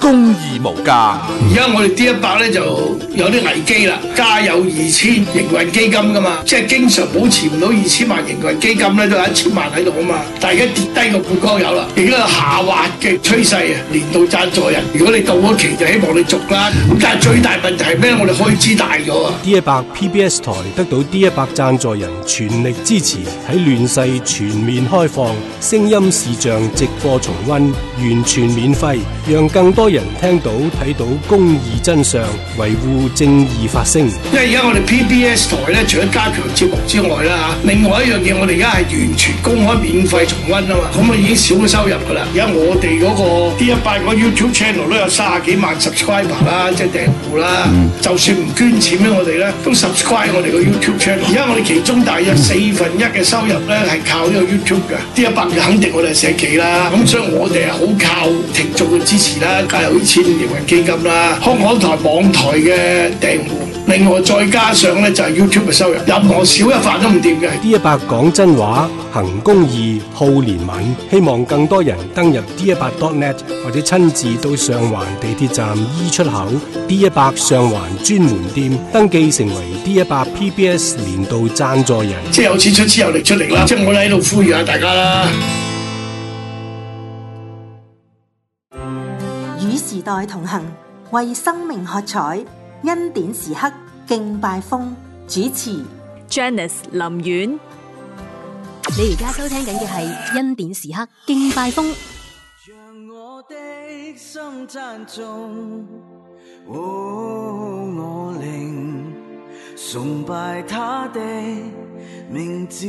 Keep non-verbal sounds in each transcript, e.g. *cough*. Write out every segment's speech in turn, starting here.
公義無價，而家我哋 D 一百咧就有啲危機啦。加有二千營運基金噶嘛，即係經常保持唔到二千萬營運基金咧，都有一千萬喺度啊嘛。大家跌低個罐光有啦，而家個下滑嘅趨勢啊，年度贊助人，如果你到咗期就希望你續啦。咁但係最大問題係咩？我哋開支大咗啊！D 一百 PBS 台得到 D 一百贊助人全力支持，喺亂世全面開放，聲音視像直播重温，完全免費，讓更多人聽到睇到公義真相，維護正義發聲。因為而家我哋 PBS 台咧，除咗加強節目之外啦嚇，另外一樣嘢我哋而家係完全公開免費重温啊嘛，咁啊已經少咗收入噶啦。而家我哋嗰個 D100 個 YouTube channel 都有三十幾萬 subscriber 啦，即係訂戶啦。就算唔捐錢俾我哋咧都 subscribe 我哋個 YouTube channel。而家我哋其中大約四分一嘅收入咧係靠呢個 YouTube 嘅。D100 肯定我哋社企啦，咁所以我哋係好靠聽眾嘅支持啦。有啲千年人基金啦，香港台、網台嘅訂戶，另外再加上咧就係 YouTube 嘅收入，任何少一塊都唔掂嘅。D 一百講真話，行公義，好憐憫，希望更多人登入 D 一百 dot net 或者親自到上環地鐵站 E 出口 D 一百上環專門店登記成為 D 一百 PBS 年度贊助人，即係有錢出錢，有力出力啦。咁我哋喺度呼籲下大家啦。愛同行，為生命喝彩，恩典時刻敬拜風。主持 Janice 林苑，你而家收聽緊嘅係恩典時刻敬拜風。讓我的心讚頌、哦，我靈崇拜他的名字，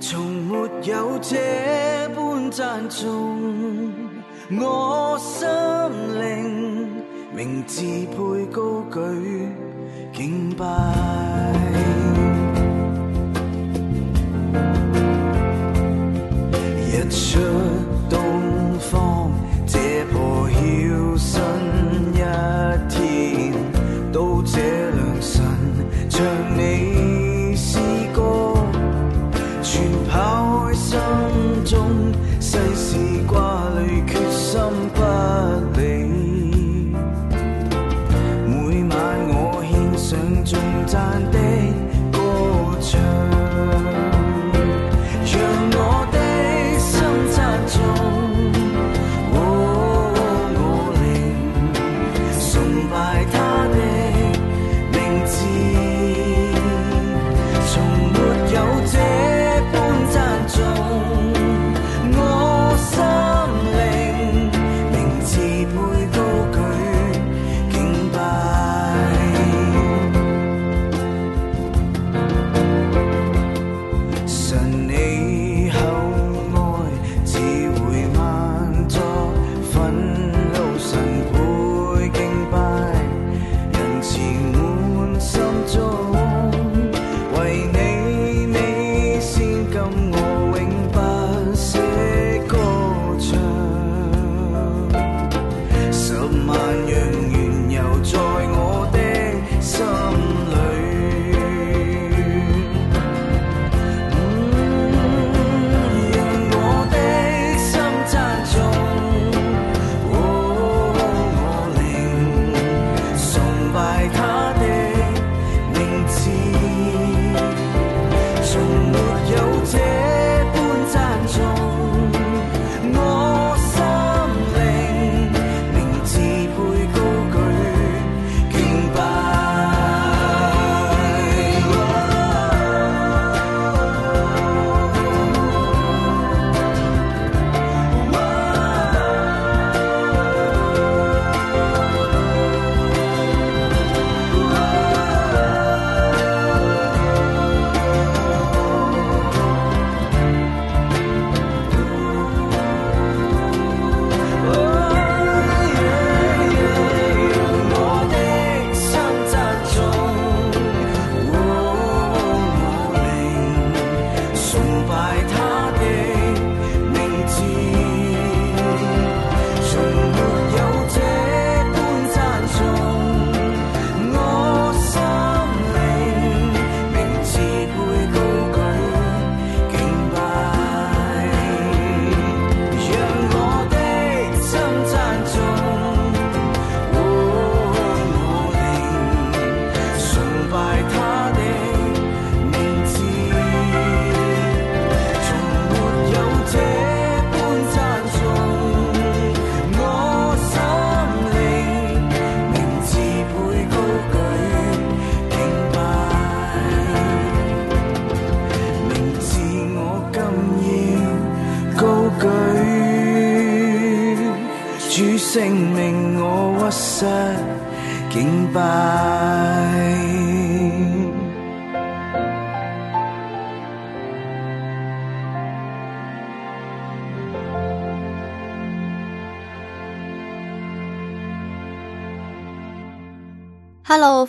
從沒有這般讚頌。我心靈明，字配高舉敬拜，日 *noise* 出東方，這破曉晨。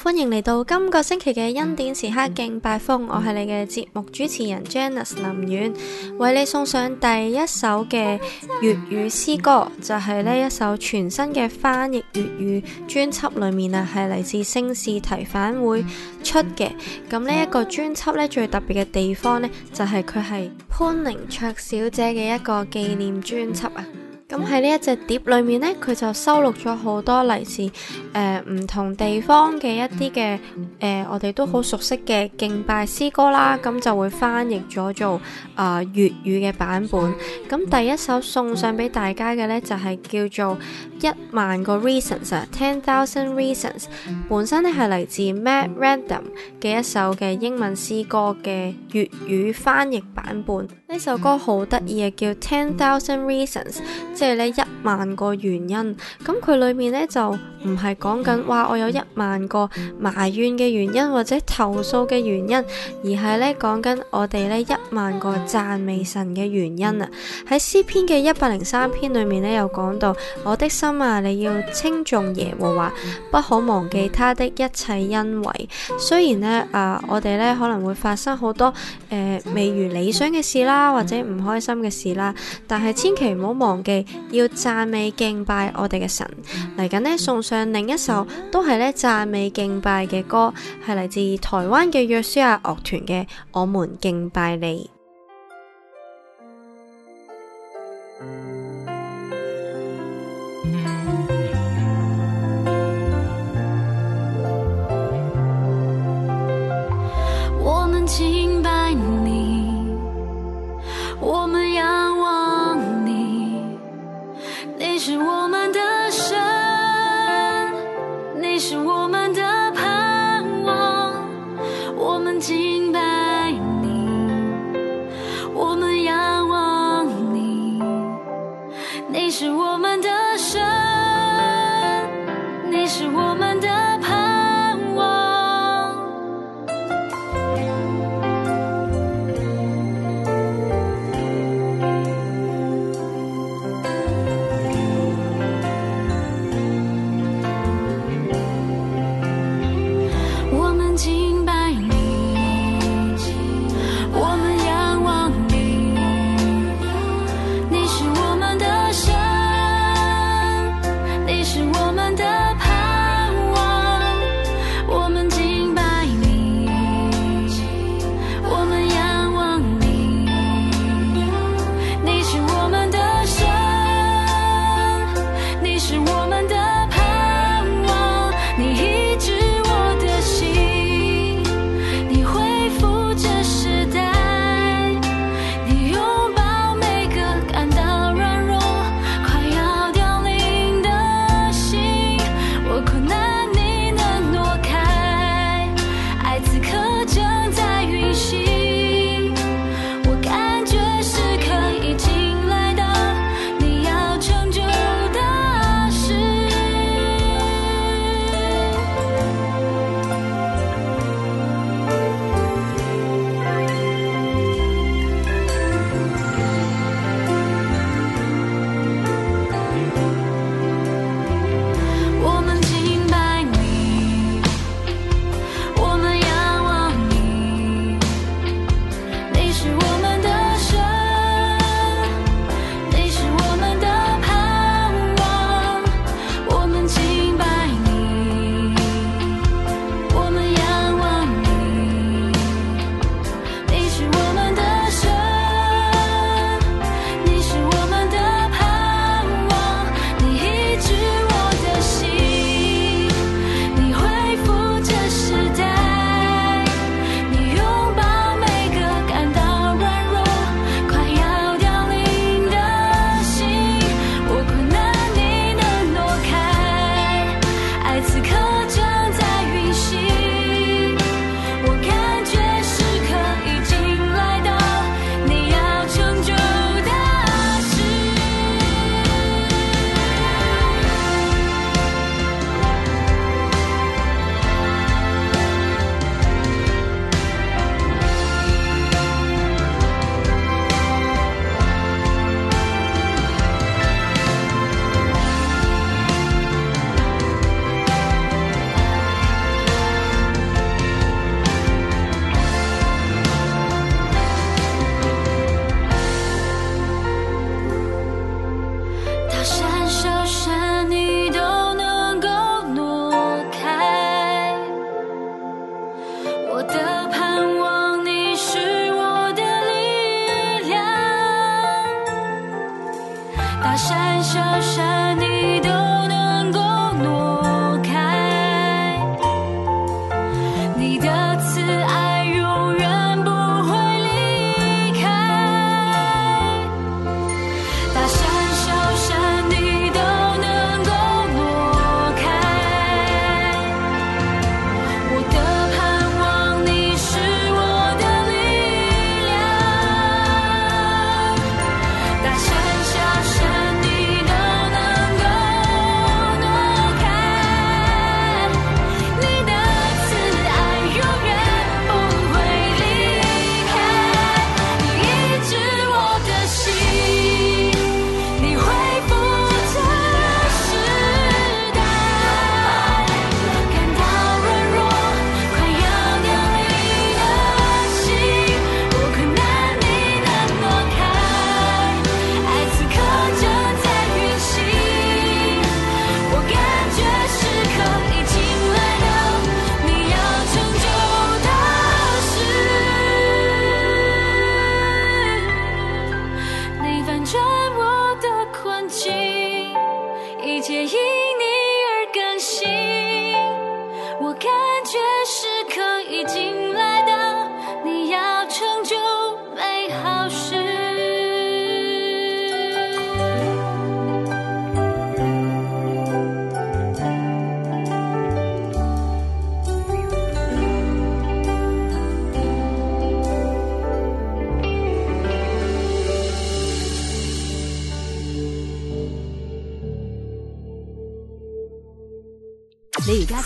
歡迎嚟到今個星期嘅恩典時刻敬拜風，我係你嘅節目主持人 Janice 林苑，為你送上第一首嘅粵語詩歌，就係呢一首全新嘅翻譯粵語專輯裏面啊，係嚟自聖士提反會出嘅。咁呢一個專輯呢，最特別嘅地方呢，就係佢係潘寧卓小姐嘅一個紀念專輯啊。咁喺呢一隻碟裏面咧，佢就收錄咗好多嚟自誒唔同地方嘅一啲嘅誒，我哋都好熟悉嘅敬拜詩歌啦。咁就會翻譯咗做啊粵語嘅版本。咁第一首送上俾大家嘅咧，就係叫做一萬個 reasons，ten thousand reasons。本身咧係嚟自 Matt Random 嘅一首嘅英文詩歌嘅粵語翻譯版本。呢首歌好得意嘅，叫 ten thousand reasons。即係呢一萬個原因，咁佢裏面呢就唔係講緊話，我有一萬個埋怨嘅原因或者投訴嘅原因，而係呢講緊我哋呢一萬個讚美神嘅原因啊！喺詩篇嘅一百零三篇裏面呢，又講到我的心啊，你要稱頌耶和華，不可忘記他的一切恩惠。雖然呢，啊，我哋呢可能會發生好多誒、呃、未如理想嘅事啦，或者唔開心嘅事啦，但係千祈唔好忘記。要讚美敬拜我哋嘅神，嚟緊呢送上另一首都係呢讚美敬拜嘅歌，係嚟自台灣嘅約書亞樂團嘅《我們敬拜你》。 *music*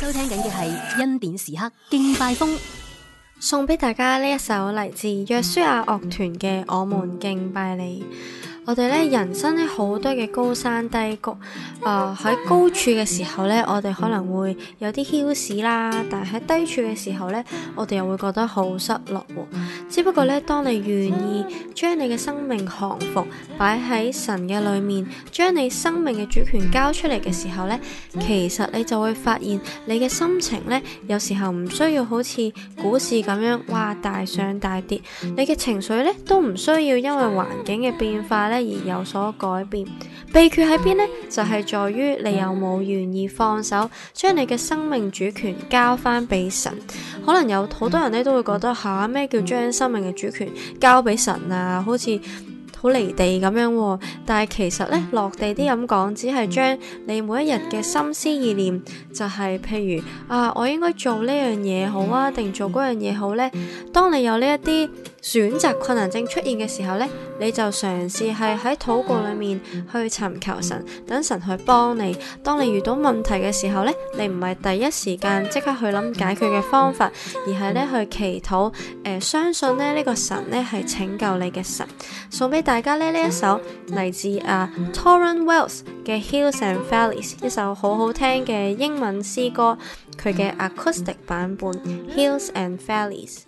收聽緊嘅係恩典時刻敬拜風，送俾大家呢一首嚟自約書亞樂團嘅《我們敬拜你》。我哋咧人生咧好多嘅高山低谷，啊、呃、喺高處嘅時候咧，我哋可能會有啲囂張啦，但係喺低處嘅時候咧，我哋又會覺得好失落、哦。只不過咧，當你願意將你嘅生命降服，擺喺神嘅裏面，將你生命嘅主權交出嚟嘅時候咧，其實你就會發現，你嘅心情咧，有時候唔需要好似股市咁樣，哇大上大跌，你嘅情緒咧都唔需要因為環境嘅變化咧，而有所改變，秘訣喺邊呢？就係在於你有冇願意放手，將你嘅生命主權交翻俾神。可能有好多人咧都會覺得吓，咩叫將生命嘅主權交俾神啊？好似好離地咁樣、哦。但係其實呢，落地啲咁講，只係將你每一日嘅心思意念，就係譬如啊，我應該做呢樣嘢好啊，定做嗰樣嘢好呢？」當你有呢一啲選擇困難症出現嘅時候呢。你就嘗試係喺禱告裏面去尋求神，等神去幫你。當你遇到問題嘅時候呢，你唔係第一時間即刻去諗解決嘅方法，而係呢去祈禱，誒、呃、相信咧呢個神呢係拯救你嘅神。送俾大家咧呢、啊、一首嚟自啊 Tauren Wells 嘅 Hills and Valleys，一首好好聽嘅英文詩歌，佢嘅 acoustic 版本 Hills and Valleys。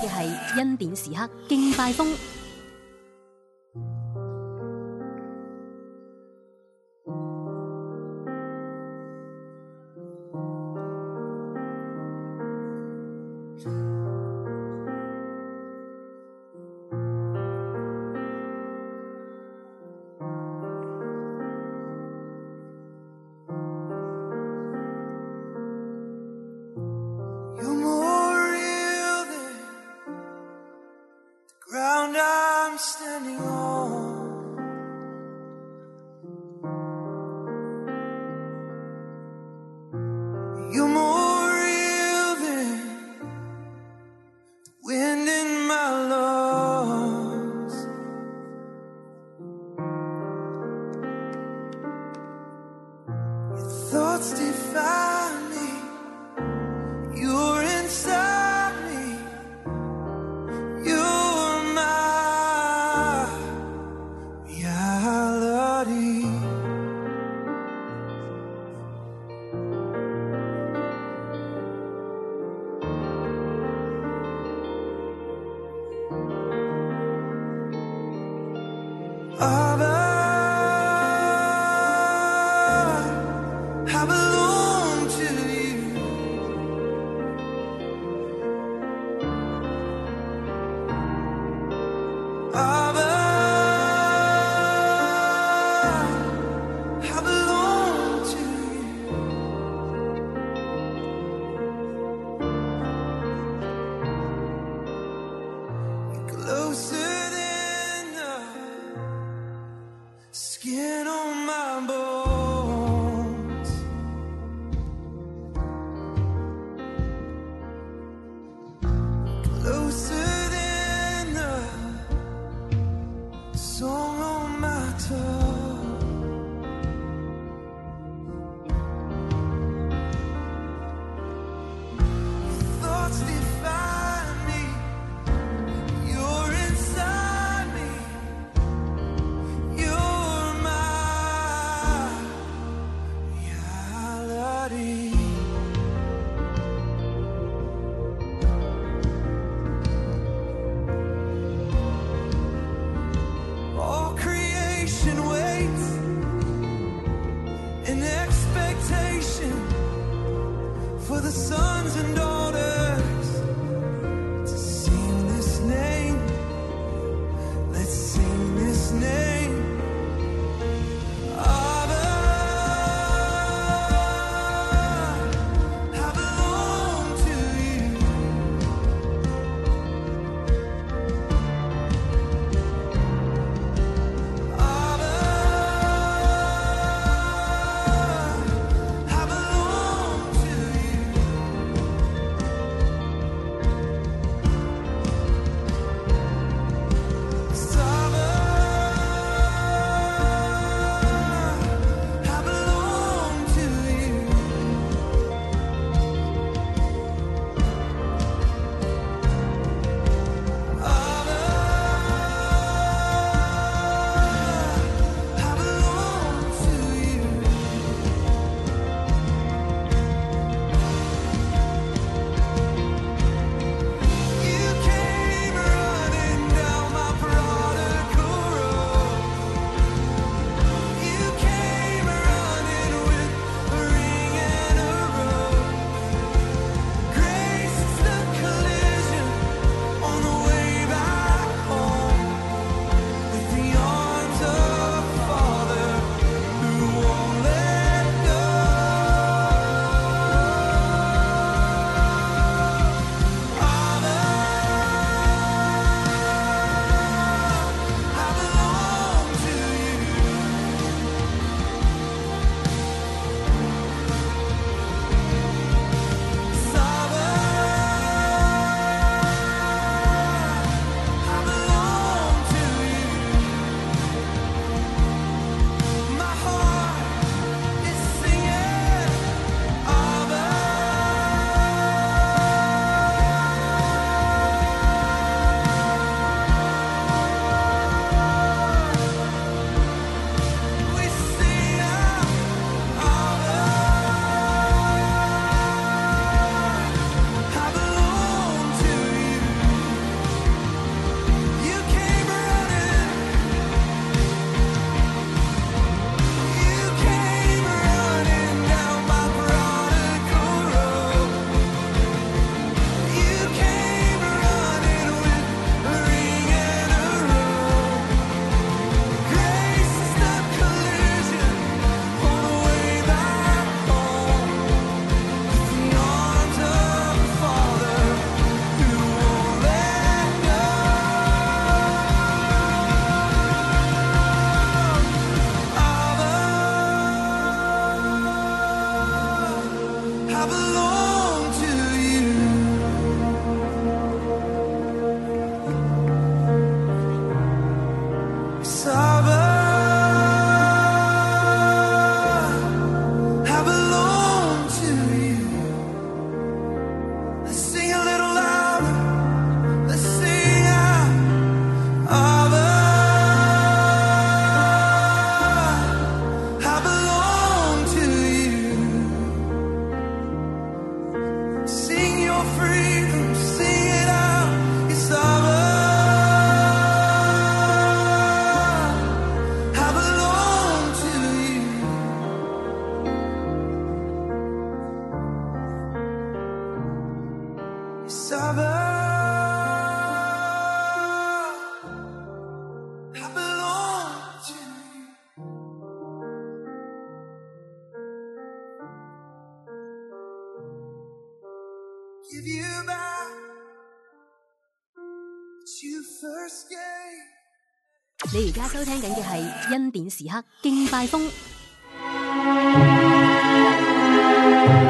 嘅係恩典時刻，敬拜風。你而家收聽緊嘅係《恩典時刻敬拜風》，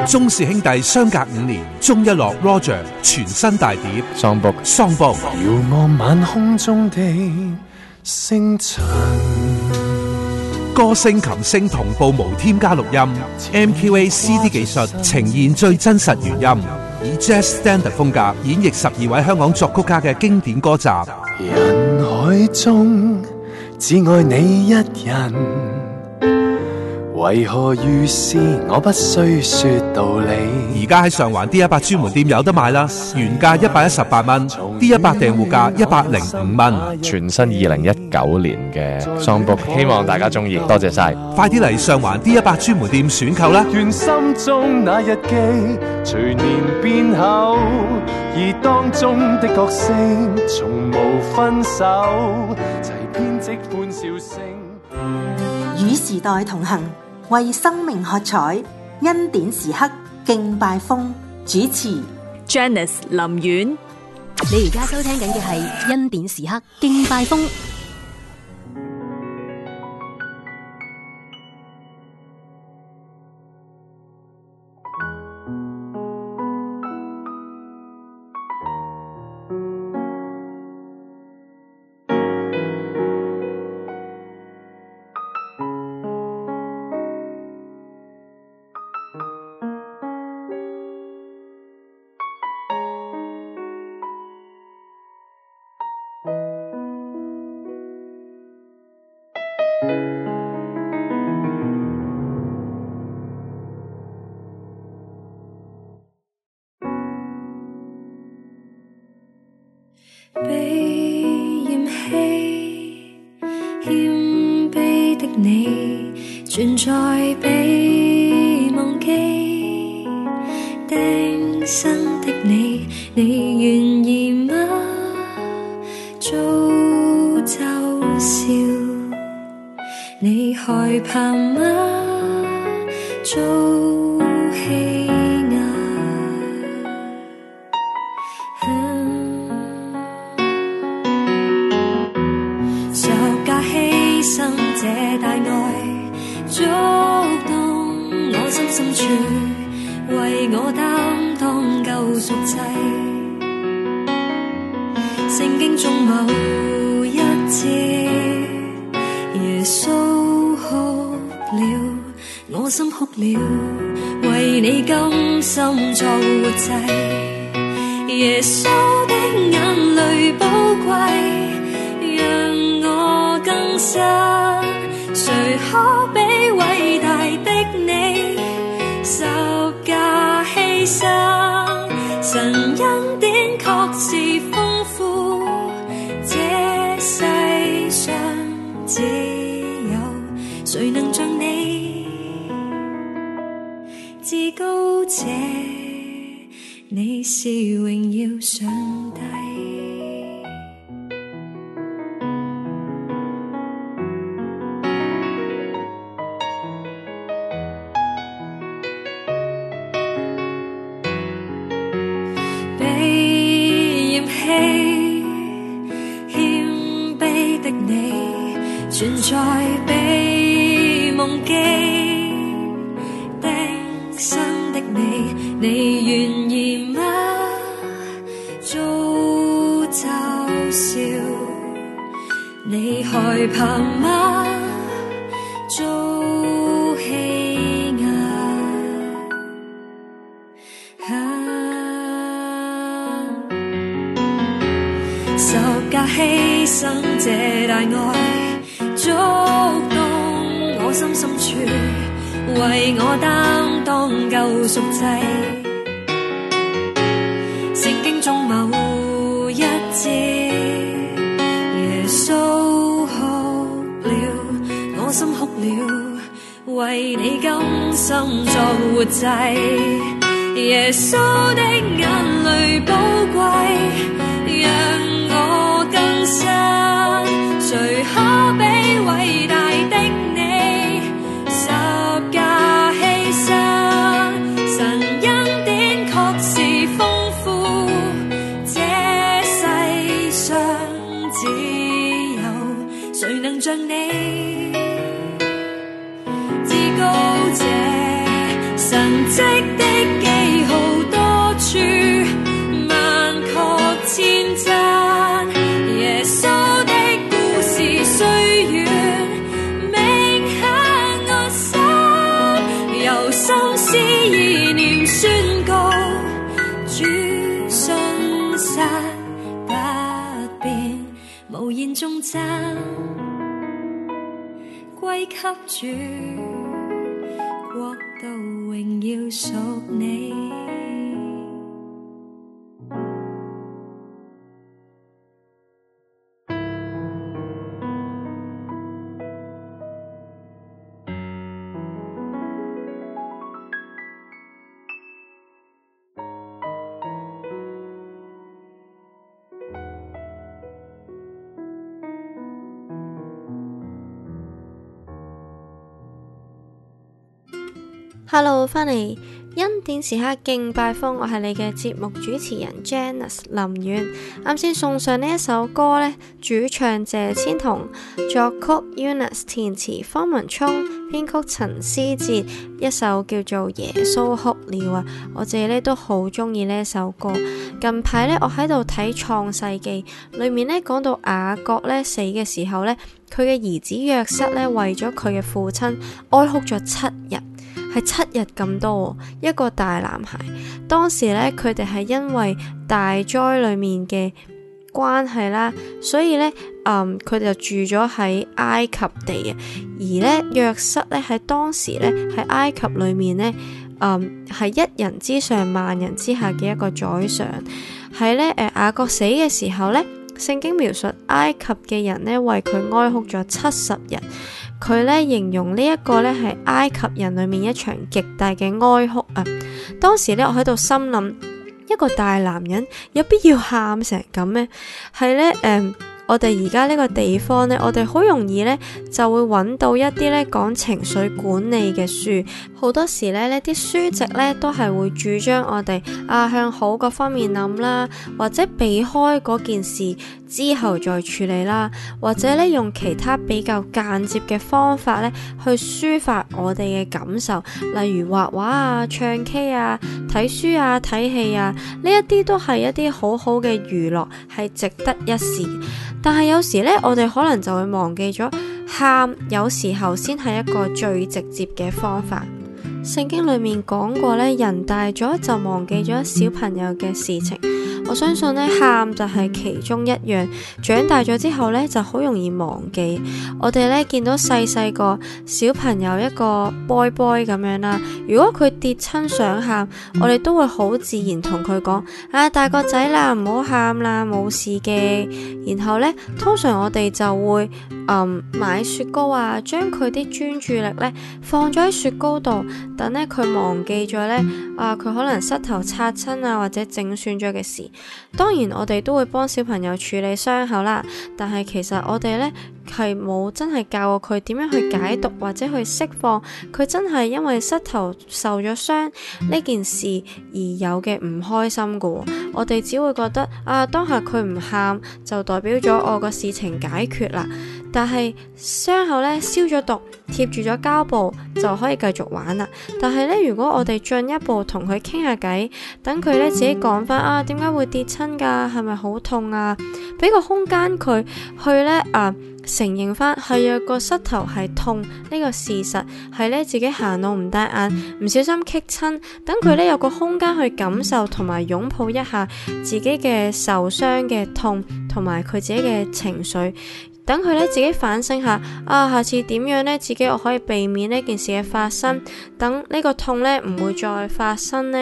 鍾氏兄弟相隔五年，鍾一樂 Roger 全新大碟《雙博雙博》博，遙望晚空中的星辰，歌聲琴聲同步無添加錄音，MQA CD 技術呈現最真實原音，以 Jazz Standard 風格演繹十二位香港作曲家嘅經典歌集，人海中。只愛你一人，為何遇事我不需說道理？而家喺上環 D 一百專門店有得賣啦，原價一百一十八蚊，D 一百訂戶價一百零五蚊，全新二零一九年嘅雙，希望大家中意，多謝晒，快啲嚟上環 D 一百專門店選購啦！心中中那日記隨年變厚，而當中的角色從無分手。笑聲與時代同行，為生命喝彩，恩典時刻敬拜風。主持：Janice 林苑。你而家收聽緊嘅係恩典時刻敬拜風。被嫌棄、謙卑的你，存在。歸給主，國度榮耀屬你。 *music* Hello，翻嚟恩典時刻敬拜坊，我係你嘅節目主持人 Janice 林遠。啱先送上呢一首歌呢，主唱謝千同，作曲 Unus，填詞方文聰，編曲陳思捷，一首叫做《耶穌哭了》啊。我自己咧都好中意呢首歌。近排呢，我喺度睇《創世記》，裏面呢，講到雅各呢死嘅時候呢，佢嘅兒子約瑟呢為咗佢嘅父親哀哭咗七日。係七日咁多，一個大男孩。當時咧，佢哋係因為大災裏面嘅關係啦，所以咧，嗯，佢哋就住咗喺埃及地啊。而咧，約瑟咧，喺當時咧，喺埃及裏面咧，嗯，係一人之上、萬人之下嘅一個宰相。喺咧，誒、呃，雅各死嘅時候咧，聖經描述埃及嘅人呢，為佢哀哭咗七十日。佢咧形容呢一個咧係埃及人裏面一場極大嘅哀哭啊、呃！當時咧，我喺度心諗，一個大男人有必要喊成咁咩？係咧誒。呃我哋而家呢個地方呢，我哋好容易呢就會揾到一啲呢講情緒管理嘅書，好多時呢呢啲書籍呢都係會主張我哋啊向好嗰方面諗啦，或者避開嗰件事之後再處理啦，或者呢用其他比較間接嘅方法呢去抒發我哋嘅感受，例如畫畫啊、唱 K 啊、睇書啊、睇戲啊，呢一啲都係一啲好好嘅娛樂，係值得一試。但係有時呢，我哋可能就會忘記咗喊，有時候先係一個最直接嘅方法。聖經裏面講過咧，人大咗就忘記咗小朋友嘅事情。我相信咧，喊就係其中一樣。長大咗之後呢，就好容易忘記。我哋呢，見到細細個小朋友一個 boy boy 咁樣啦，如果佢跌親想喊，我哋都會好自然同佢講：啊，大個仔啦，唔好喊啦，冇事嘅。然後呢，通常我哋就會，嗯，買雪糕啊，將佢啲專注力呢放咗喺雪糕度。等呢，佢忘記咗呢，啊，佢可能膝頭擦親啊，或者整損咗嘅事。當然，我哋都會幫小朋友處理傷口啦。但係其實我哋呢，係冇真係教過佢點樣去解讀或者去釋放佢真係因為膝頭受咗傷呢件事而有嘅唔開心噶。我哋只會覺得啊，當下佢唔喊就代表咗我個事情解決啦。但係傷口咧，消咗毒，貼住咗膠布就可以繼續玩啦。但係咧，如果我哋進一步同佢傾下偈，等佢咧自己講翻啊，點解會跌親噶？係咪好痛啊？俾個空間佢去咧啊，承認翻係有個膝頭係痛呢個事實，係咧自己行路唔帶眼，唔小心棘親。等佢咧有個空間去感受同埋擁抱一下自己嘅受傷嘅痛，同埋佢自己嘅情緒。等佢咧自己反省下，啊，下次點樣咧，自己我可以避免呢件事嘅發生，等呢個痛咧唔會再發生呢？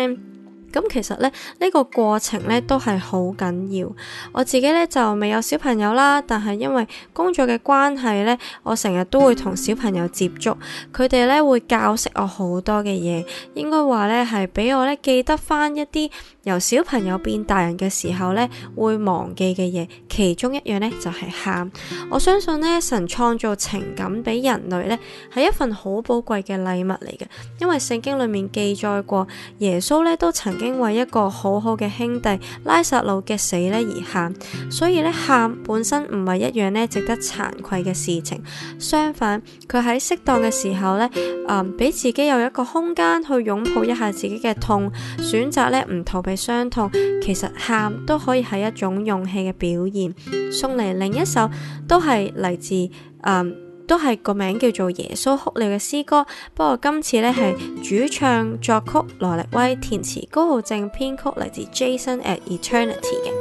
咁其實咧呢、呢個過程咧都係好緊要。我自己咧就未有小朋友啦，但係因為工作嘅關係咧，我成日都會同小朋友接觸，佢哋咧會教識我好多嘅嘢，應該話咧係俾我咧記得翻一啲。由小朋友變大人嘅時候咧，會忘記嘅嘢，其中一樣咧就係、是、喊。我相信咧，神創造情感俾人類咧，係一份好寶貴嘅禮物嚟嘅。因為聖經裏面記載過，耶穌咧都曾經為一個好好嘅兄弟拉撒路嘅死咧而喊。所以咧，喊本身唔係一樣咧值得慚愧嘅事情，相反，佢喺適當嘅時候咧，誒、嗯、俾自己有一個空間去擁抱一下自己嘅痛，選擇咧唔逃避。嘅傷痛，其實喊都可以係一種勇氣嘅表現。送嚟另一首都係嚟自，嗯，都係個名叫做《耶穌哭了》嘅詩歌。不過今次呢係主唱作曲羅力威，填詞高浩正，編曲嚟自 Jason At Eternity 嘅。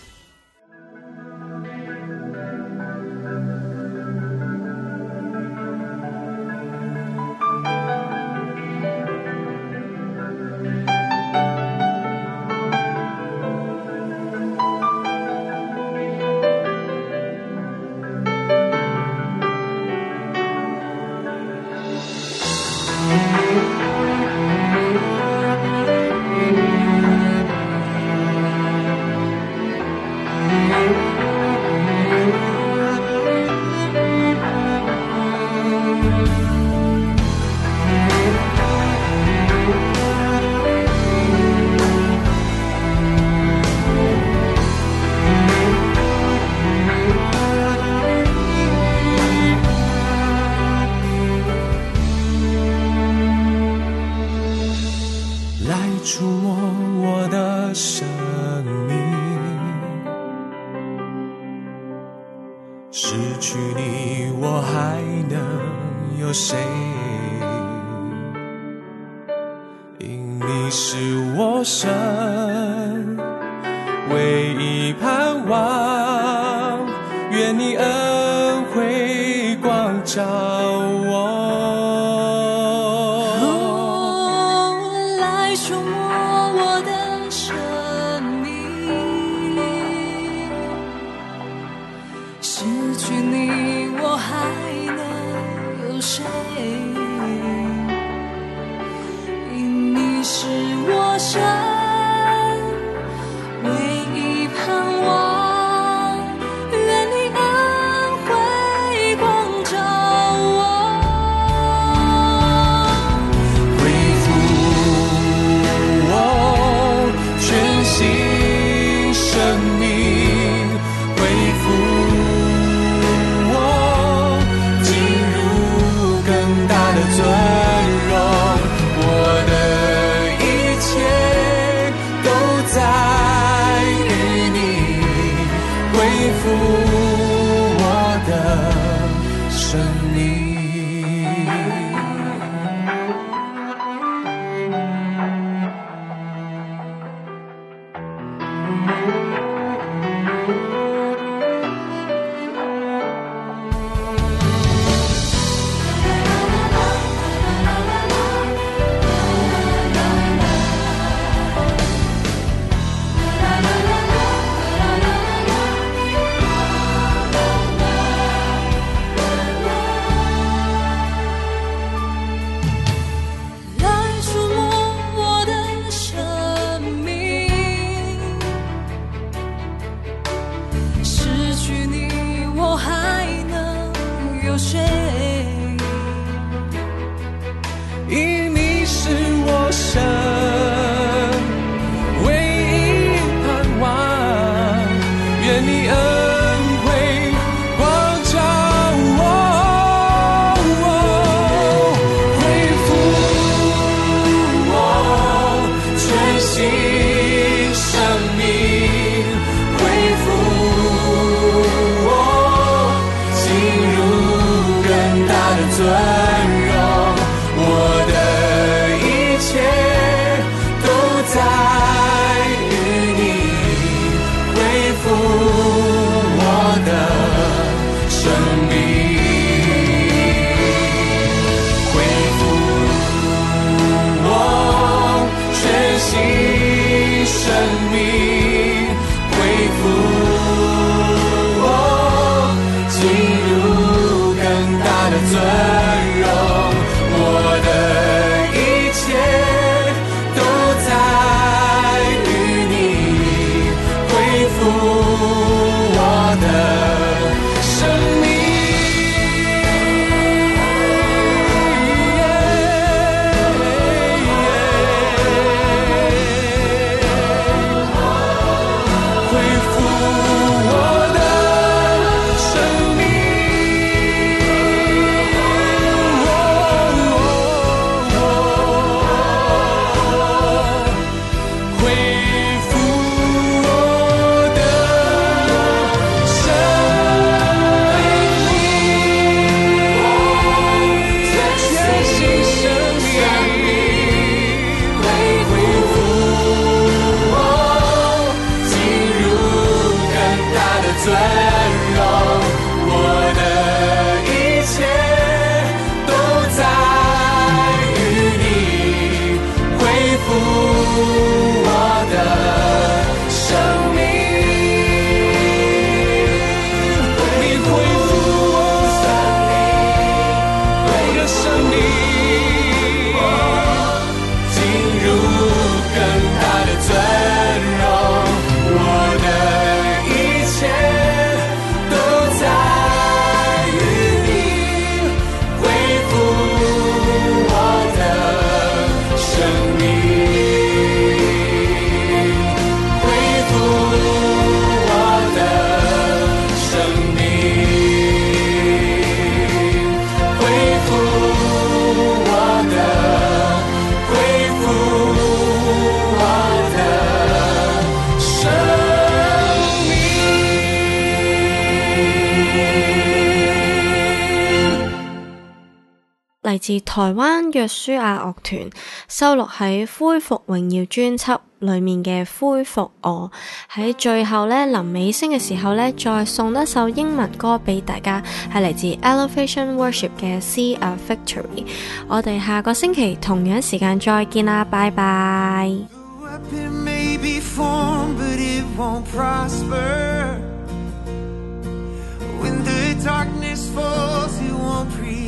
台灣約書亞樂團收錄喺《恢復榮耀》專輯裏面嘅《恢復》，我喺最後呢臨尾聲嘅時候呢，再送一首英文歌俾大家，係嚟自 Elevation Worship 嘅《See a Victory》。我哋下個星期同樣時間再見啦，拜拜。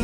*music*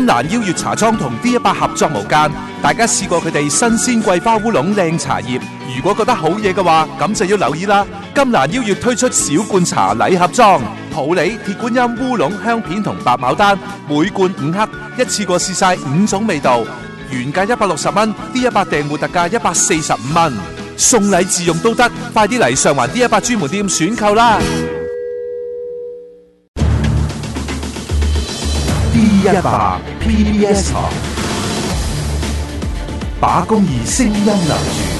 金蘭邀月茶莊同 D 一百合作無間，大家試過佢哋新鮮桂花烏龍靚茶葉，如果覺得好嘢嘅話，咁就要留意啦。金蘭邀月推出小罐茶禮盒裝，普洱、鐵觀音、烏龍、香片同白牡丹，每罐五克，一次過試晒五種味道。原價一百六十蚊，D 一百訂戶特價一百四十五蚊，送禮自用都得，快啲嚟上環 D 一百專門店選購啦！一百 PBS 台，把公義聲音留住。pagar